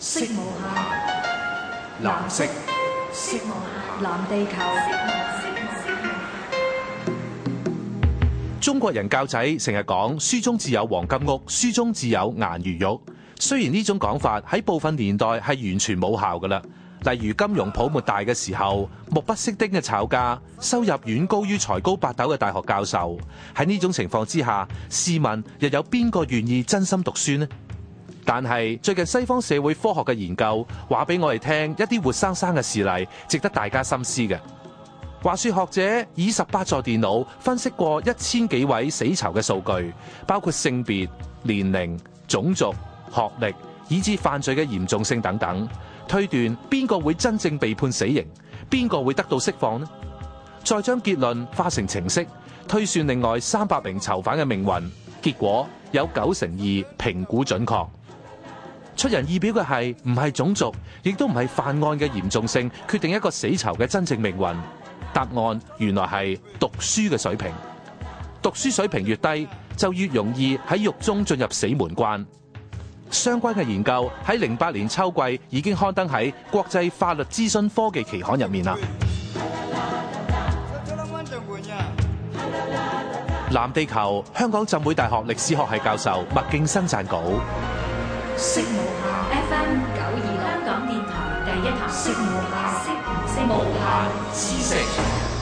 色無下，藍色，色母下藍地球，色母藍地球色母色母。中國人教仔成日講書中自有黃金屋，書中自有顏如玉。雖然呢種講法喺部分年代係完全冇效噶啦，例如金融泡沫大嘅時候，目不識丁嘅炒家收入遠高於才高八斗嘅大學教授。喺呢種情況之下，試問又有邊個願意真心讀書呢？但係最近西方社會科學嘅研究話俾我哋聽，一啲活生生嘅事例值得大家深思嘅。話說學者以十八座電腦分析過一千幾位死囚嘅數據，包括性別、年齡、種族、學歷以至犯罪嘅嚴重性等等，推斷邊個會真正被判死刑，邊個會得到釋放呢？再將結論化成程式推算另外三百名囚犯嘅命運，結果有九成二評估準確。出人意表嘅係，唔係種族，亦都唔係犯案嘅嚴重性，決定一個死囚嘅真正命運。答案原來係讀書嘅水平，讀書水平越低，就越容易喺獄中進入死門關。相關嘅研究喺零八年秋季已經刊登喺國際法律資訊科技期刊入面啦。藍 地球，香港浸會大學歷史學系教授麥勁生撰稿。識無限，FM 九二香港電台第一台，識無,無,無限，識無限，知識。